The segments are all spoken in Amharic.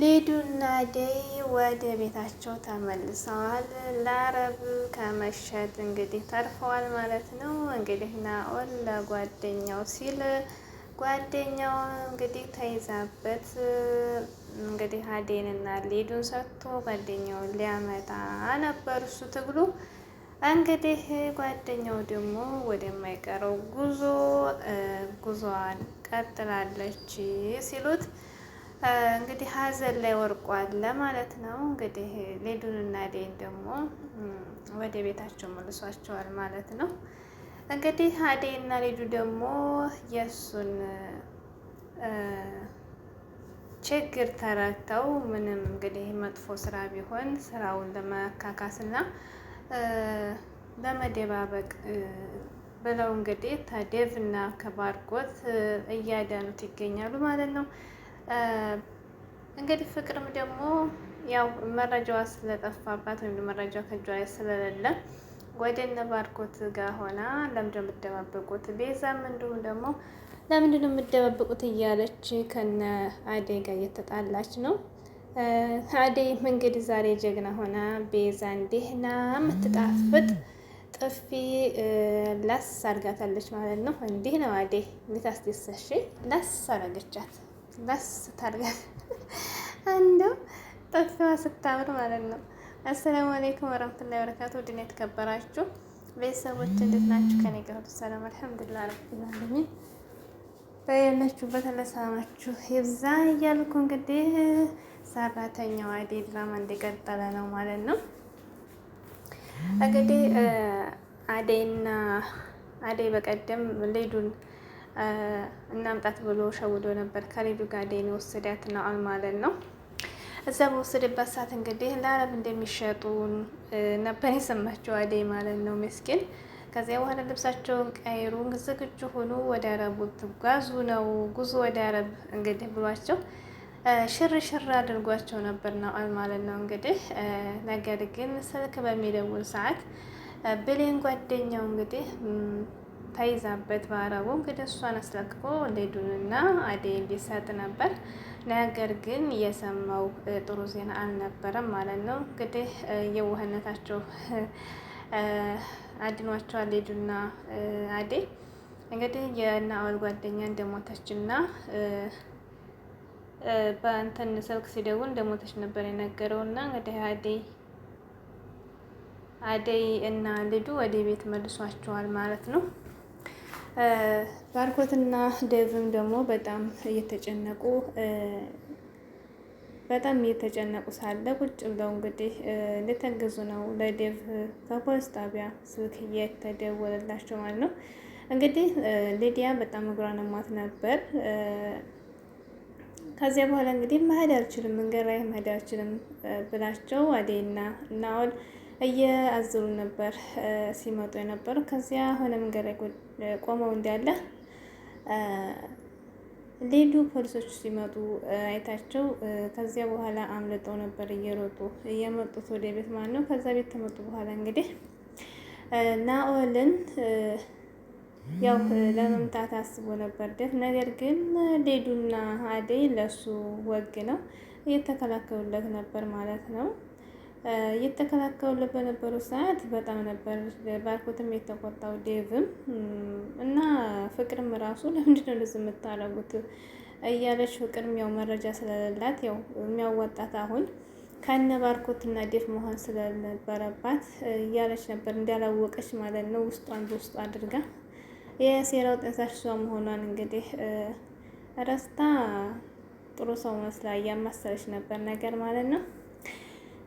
ሊዱና አደይ ወደ ቤታቸው ተመልሰዋል። ለአረብ ከመሸጥ እንግዲህ ተርፈዋል ማለት ነው። እንግዲህ ናኦል ለጓደኛው ሲል ጓደኛው እንግዲህ ተይዛበት እንግዲህ አደይንና ሊዱን ሰጥቶ ጓደኛውን ሊያመጣ ነበር እሱ ትግሉ እንግዲህ ጓደኛው ደግሞ ወደማይቀረው ጉዞ ጉዞዋን ቀጥላለች ሲሉት እንግዲህ ሀዘን ላይ ወርቋል ለማለት ነው። እንግዲህ ሊዱንና ዴን ደግሞ ወደ ቤታቸው መልሷቸዋል ማለት ነው። እንግዲህ አዴና ሌዱ ደግሞ የእሱን ችግር ተረድተው ምንም እንግዲህ መጥፎ ስራ ቢሆን ስራውን ለመካካስና ለመደባበቅ ብለው እንግዲህ ተደቭና ከባርጎት እያዳኑት ይገኛሉ ማለት ነው። እንግዲህ ፍቅርም ደግሞ ያው መረጃዋ ስለጠፋባት ወይም መረጃ ከእጇ ስለሌለ ወደ እነ ባርኮት ጋር ሆና ለምንድን ነው የምደባበቁት? ቤዛም እንዲሁም ደግሞ ለምንድን ነው የምደባበቁት እያለች ከነ አደይ ጋር እየተጣላች ነው። አደይም እንግዲህ ዛሬ ጀግና ሆና ቤዛ እንዲህና የምትጣፍጥ ጥፊ ላስ አድርጋታለች ማለት ነው። እንዲህ ነው አደይ እንዴት አስደሰሽ ላስ አረገቻት። ለስ ታድጋል እንደው ጥፍዋ ስታምር ማለት ነው። አሰላሙ አለይኩም ወረህመቱላሂ ወበረካቱህ። ውድ የተከበራችሁ ቤተሰቦች እንዴት ናችሁ? ከኔ ጋር ሁሉ ሰላም አልሐምዱሊላህ ረቢል ዓለሚን። በያላችሁበት ለሰላማችሁ ይብዛ እያልኩ እንግዲህ ሰራተኛዋ አደይ ድራማ እንደቀጠለ ነው ማለት ነው። እንግዲህ አደይና አደይ በቀደም ሌዱን እናምጣት ብሎ ሸውዶ ነበር። ከልጁ ጋር ዴን ወስዳት ነዋል ማለት ነው። እዛ በወሰደበት ሰዓት እንግዲህ ለአረብ እንደሚሸጡ ነበር የሰማቸው አደይ ማለት ነው ምስኪን። ከዚያ በኋላ ልብሳቸውን ቀይሩ፣ ዝግጁ ሆኑ ወደ አረቡ ትጓዙ ነው ጉዞ ወደ አረብ እንግዲህ ብሏቸው ሽር ሽር አድርጓቸው ነበር ነዋል ማለት ነው እንግዲህ። ነገር ግን ስልክ በሚደውል ሰዓት ብሌን ጓደኛው እንግዲህ ተይዛበት በአረቡ እንግዲህ እሷን አስለቅቆ ሌዱንና አደይን ሊሰጥ ነበር። ነገር ግን የሰማው ጥሩ ዜና አልነበረም ማለት ነው። እንግዲህ የዋህነታቸው አድኗቸዋል። ሌዱና አደይ እንግዲህ የናኦል ጓደኛ እንደሞተችና በአንተን ስልክ ሲደውል እንደሞተች ነበር የነገረውና እንግዲህ አደይ አደይ እና ልዱ ወደ ቤት መልሷቸዋል ማለት ነው። ባርኮትና ደቭም ደግሞ በጣም እየተጨነቁ በጣም እየተጨነቁ ሳለ ቁጭ ብለው እንግዲህ እንደተገዙ ነው ለዴቭ ከፖሊስ ጣቢያ ስልክ እየተደወለላቸው ማለት ነው። እንግዲህ ሊዲያ በጣም እግሯን አሟት ነበር። ከዚያ በኋላ እንግዲህ መሄድ አልችልም፣ መንገድ ላይ መሄድ አልችልም ብላቸው አዴና ናኦል እየአዘሩ ነበር ሲመጡ የነበሩ። ከዚያ ሆነ መንገድ ላይ ቆመው እንዳለ ሌዱ ፖሊሶች ሲመጡ አይታቸው፣ ከዚያ በኋላ አምልጠው ነበር እየሮጡ እየመጡት ወደ ቤት ማለት ነው። ከዛ ቤት ተመጡ በኋላ እንግዲህ ናኦልን ያው ለመምታት አስቦ ነበር ደፍ ነገር ግን ሌዱና አደይ ለሱ ወግ ነው እየተከላከሉለት ነበር ማለት ነው። እየተከላከሉ በነበሩ ሰዓት በጣም ነበር ባርኮትም የተቆጣው ዴቭም እና ፍቅርም ራሱ ለምንድን ነው እንደዚህ የምታደርጉት እያለች ፍቅርም ያው መረጃ ስለሌላት ያው የሚያወጣት አሁን ከነ ባርኮት እና ዴፍ መሆን ስለነበረባት እያለች ነበር እንዳላወቀች ማለት ነው። ውስጧን በውስጡ አድርጋ የሴራው ጥንሳሽ እሷ መሆኗን እንግዲህ ረስታ ጥሩ ሰው መስላ እያማሰለች ነበር ነገር ማለት ነው።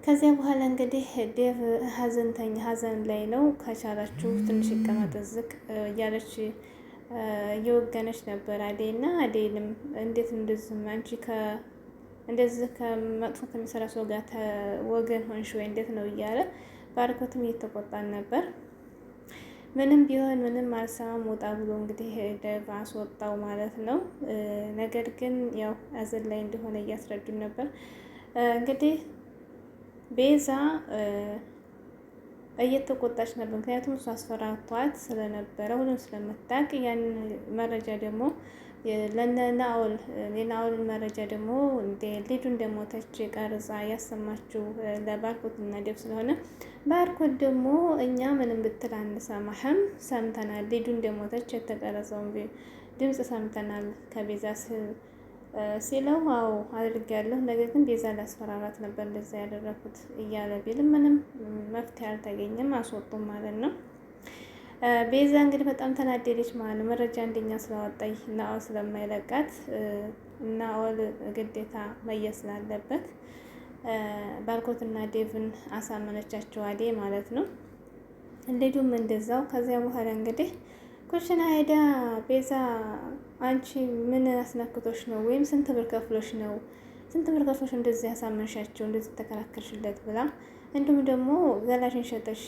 ከዚያ በኋላ እንግዲህ ዴቭ ሀዘንተኛ ሀዘን ላይ ነው። ከቻላችሁ ትንሽ ይቀመጠዝቅ እያለች እየወገነች ነበር አዴ እና አዴይንም እንዴት እንደዚህ አንቺ እንደዚህ ከመጥፎ ከሚሰራ ሰው ጋር ተወገን ሆንሽ ወይ እንዴት ነው እያለ ባርኮትም እየተቆጣን ነበር። ምንም ቢሆን ምንም አልሰማም ወጣ ብሎ እንግዲህ ዴቭ አስወጣው ማለት ነው። ነገር ግን ያው አዘን ላይ እንደሆነ እያስረዱን ነበር እንግዲህ ቤዛ እየተቆጣች ነበር። ምክንያቱም እሱ አስፈራቷት ስለነበረ ሁሉም ስለምታውቅ ያንን መረጃ ደግሞ ለነናኦል የናኦልን መረጃ ደግሞ ልጁ እንደሞተች ቀርጻ ያሰማችው ለባርኮት እና ደብ ስለሆነ ባርኮት ደግሞ እኛ ምንም ብትል አንሰማህም፣ ሰምተናል፣ ልጁ እንደሞተች የተቀረጸውን ድምፅ ሰምተናል ከቤዛ ሲለው አዎ አድርጊያለሁ፣ ነገር ግን ቤዛ ላስፈራራት ነበር እንደዛ ያደረኩት እያለ ቢልም ምንም መፍትሄ አልተገኘም። አስወጡም ማለት ነው። ቤዛ እንግዲህ በጣም ተናደደች ማለት ነው። መረጃ አንደኛ ስለወጣኝ እና ናኦል ስለማይለቃት እና ናኦል ግዴታ መያዝ ስላለበት እና ዴቭን አሳመነቻቸው አዴ ማለት ነው። እንዴዱም እንደዛው ከዚያ በኋላ እንግዲህ ኩሽና ሄዳ ቤዛ አንቺ ምን አስነክቶሽ ነው ወይም ስንት ብር ከፍሎሽ ነው ስንት ብር ከፍሎሽ እንደዚህ ያሳመንሻቸው እንደዚህ ተከራከርሽለት ብላ እንዲሁም ደግሞ ገላሽን ሸጠሽ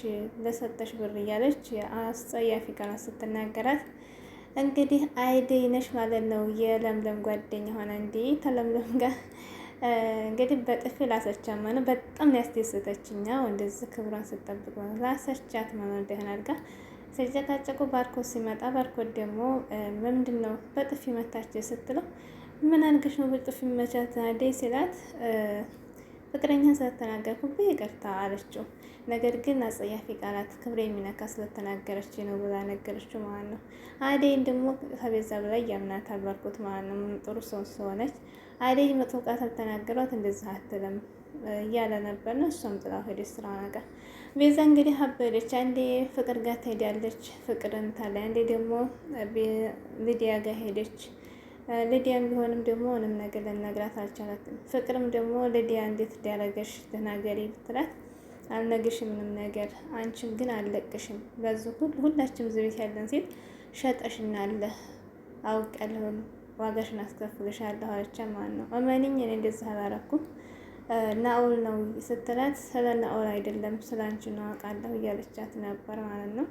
ለሰጠሽ ብር እያለች አስጸያፊ ቃላት ስትናገራት እንግዲህ አይዴ ነሽ ማለት ነው የለምለም ጓደኛ ሆነ እንዲ ተለምለም ጋር እንግዲህ በጥፊ ላሰቻማ ነው። በጣም ያስደሰተችኛ እንደዚህ ክብሯን ስጠብቅ ላሰቻት ነው። እንደህን አድጋ ሲጨቃጨቁ ባርኮት ሲመጣ ባርኮት ደግሞ ምንድን ነው በጥፊ መታቸው ስትለው ምን አንገሽ ነው በጥፊ መቻት አደይ ሲላት ፍቅረኛ ስለተናገርኩ ይቅርታ አለችው። ነገር ግን አጸያፊ ቃላት ክብሬ የሚነካ ስለተናገረች ነው ብላ ነገረችው ማለት ነው። አደይን ደግሞ ከቤዛ በላይ ያምናታል ባልኩት ማለት ነው። ጥሩ ሰው ስለሆነች አደይ መጥፎ ቃል ተናገሯት እንደዛ አትልም እያለ ነበር ነው። እሷም ጥላ ሄደ ስራ ነገር ቤዛ እንግዲህ ሀበደች። አንዴ ፍቅር ጋር ትሄዳለች፣ ፍቅርን ታለ አንዴ ደግሞ ሊዲያ ጋር ሄደች። ልዲያም ቢሆንም ደግሞ ምንም ነገር ልነግራት አልቻላትም። ፍቅርም ደግሞ ልዲያ እንዴት ዳረገሽ ተናገሪ ብትላት አልነግሽም ምንም ነገር አንቺም ግን አልለቅሽም። በዚህ ሁሉ ሁላችንም ዝቤት ያለን ሴት ሸጠሽናለ አውቃለሁ ዋጋሽን አስከፍልሻለሁ አለቻ ማለት ነው። እመንኝ እኔ እንደዛ አላረኩም ናኦል ነው ስትላት፣ ስለ ናኦል አይደለም ስለ አንቺ ነው አውቃለሁ እያለቻት ነበር ማለት ነው።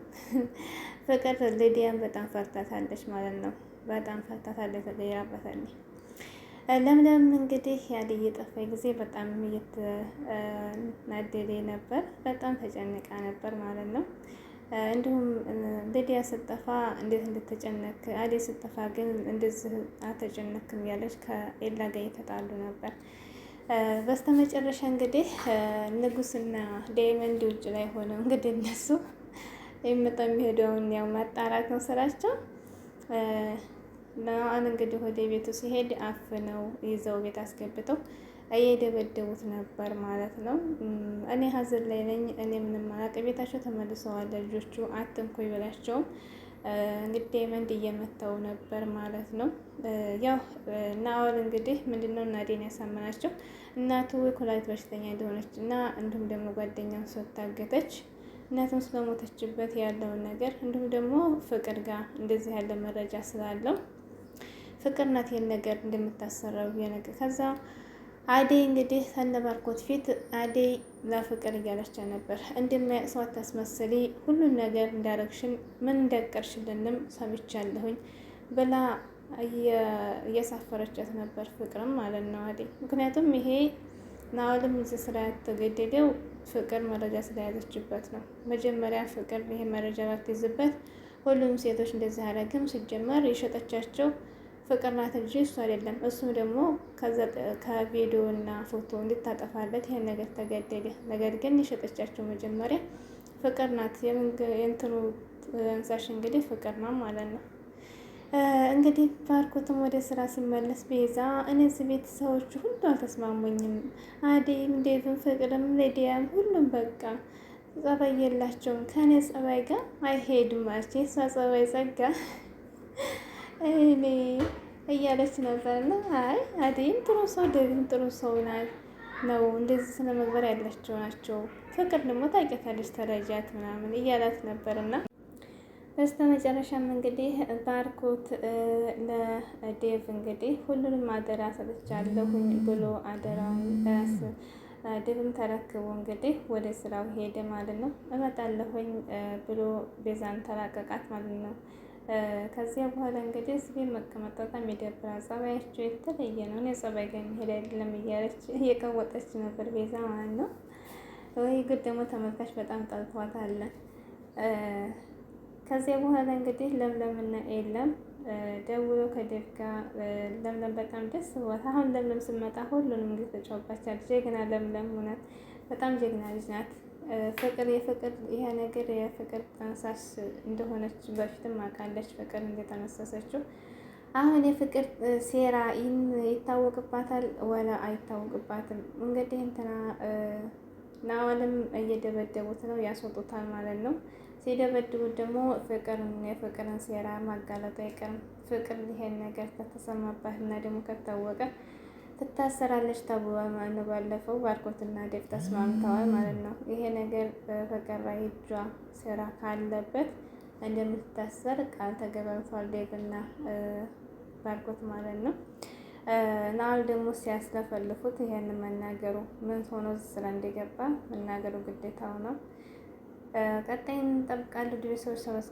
ፍቅር ልዲያን በጣም ፈርታታለች ማለት ነው። በጣም ፈታታለች፣ ተቀይራበታለች። ለምለም እንግዲህ ያለ እየጠፋ ጊዜ በጣም እየተናደደ ነበር፣ በጣም ተጨንቃ ነበር ማለት ነው። እንዲሁም ልዲያ ስጠፋ እንዴት እንደተጨነክ አዴ ስጠፋ ግን እንደዚህ አልተጨነክም ያለች ከኤላ ጋር የተጣሉ ነበር። በስተመጨረሻ እንግዲህ ንጉስና ዳይመንድ ውጭ ላይ ሆነው እንግዲህ እነሱ የሚመጣ የሚሄደውን ያው ማጣራት ነው ስራቸው። በመዓም እንግዲህ ወደ ቤቱ ሲሄድ አፍነው ይዘው ቤት አስገብተው እየደበደቡት ነበር ማለት ነው። እኔ ሀዘን ላይ ነኝ፣ እኔ ምንም አላውቅም። ቤታቸው ተመልሰዋል። ልጆቹ አትንኩ ይበላቸውም እንግዲህ መንድ እየመታው ነበር ማለት ነው። ያው ናኦል እንግዲህ ምንድነው እናዴን ያሳመናቸው እናቱ የኩላሊት በሽተኛ እንደሆነች እና እንዲሁም ደግሞ ጓደኛው ሰው ታገተች እናትም ስለሞተችበት ያለውን ነገር እንዲሁም ደግሞ ፍቅር ጋር እንደዚህ ያለ መረጃ ስላለው ፍቅርናት ይህን ነገር እንደምታሰራው ነገር ከዛ አደይ እንግዲህ ተነባርኮት ፊት አዴ ለፍቅር እያለች ነበር። እንደማያቅ ሰው አታስመስሊ፣ ሁሉን ነገር እንዳረግሽን ምን እንዳቀርሽልንም ሰምቻለሁኝ ብላ እየሳፈረቻት ነበር። ፍቅርም ማለት ነው አዴ። ምክንያቱም ይሄ ናኦልም እዚህ ስራ ያተገደደው ፍቅር መረጃ ስለያዘችበት ነው። መጀመሪያ ፍቅር ይሄ መረጃ ባትይዝበት ሁሉም ሴቶች እንደዚህ አረግም ሲጀመር የሸጠቻቸው ፍቅር ናት እንጂ እሱ አይደለም። እሱም ደግሞ ከቪዲዮ ፎቶ እንድታጠፋለት ይህን ነገር ተገደደ። ነገር ግን የሸጠቻቸው መጀመሪያ ፍቅር ናት። የእንትኑ እንሳሽ እንግዲህ ፍቅር ማለት ነው። እንግዲህ ባርኮትም ወደ ስራ ሲመለስ ቤዛ እነዚህ ቤተሰቦቹ ሁሉ አልተስማሙኝም፣ አዴም፣ ዴቭም፣ ፍቅርም፣ ሌዲያም ሁሉም በቃ ጸባይ የላቸውም። ከእኔ ጸባይ ጋር አይሄድም። ማለች የእሷ ጸባይ ጸጋ እኔ እያለች ነበር እና አይ አደይም ጥሩ ሰው ደግም ጥሩ ሰው ናት ነው እንደዚህ ስነ መግበር ያላቸው ናቸው። ፍቅር ደግሞ ታውቂያታለች ተረጃት ምናምን እያላት ነበር እና በስተ መጨረሻም እንግዲህ ባርኮት ለዴቭ እንግዲህ ሁሉንም አደራ ሰጥቻለሁኝ ብሎ አደራውን ራስ ዴቭም ተረክቦ እንግዲህ ወደ ስራው ሄደ ማለት ነው። እመጣለሁኝ ብሎ ቤዛን ተላቀቃት ማለት ነው። ከዚያ በኋላ እንግዲህ እዚህ መቀመጥ በጣም ይደብራል። ጸባያቸው የተለየ ነው። እኔ ጸባይ ጋር የሚሄድ አይደለም እያለች እየቀወጠች ነበር ቤዛ ማለት ነው። ወይ ግድ ደግሞ ተመልካች በጣም አለ። ከዚያ በኋላ እንግዲህ ለምለምና የለም ደውሎ ከዴቭ ጋር ለምለም በጣም ደስ ብሏት፣ አሁን ለምለም ስመጣ ሁሉንም ጊዜ ተጫውባቻል። ጀግና ለምለም እውነት በጣም ጀግና ልጅ ናት። ፍቅር የፍቅር ይሄ ነገር የፍቅር ጠንሳሽ እንደሆነች በፊትም አውቃለች። ፍቅር እንደተነሳሰችው አሁን የፍቅር ሴራ ይታወቅባታል ወላ አይታወቅባትም? እንግዲህ እንትና ናዋልም እየደበደቡት ነው፣ ያስወጡታል ማለት ነው። ሲደበድቡት ደግሞ ፍቅርን የፍቅርን ሴራ ማጋለጡ አይቀርም። ፍቅር ይሄን ነገር ከተሰማባት እና ደግሞ ከታወቀ ትታሰራለች ተብሎ ማለት ባለፈው ባርኮትና ዴቭ ተስማምተዋል ማለት ነው። ይሄ ነገር በፈቀራ የእጇ ስራ ካለበት እንደምትታሰር ቃል ተገባብቷል ዴቭና ባርኮት ማለት ነው። ናል ደግሞ ሲያስለፈልፉት ይሄን መናገሩ ምን ሆኖ ስራ እንደገባ መናገሩ ግዴታው ነው። ቀጣይ እንጠብቃለን። ድቤ ሰዎች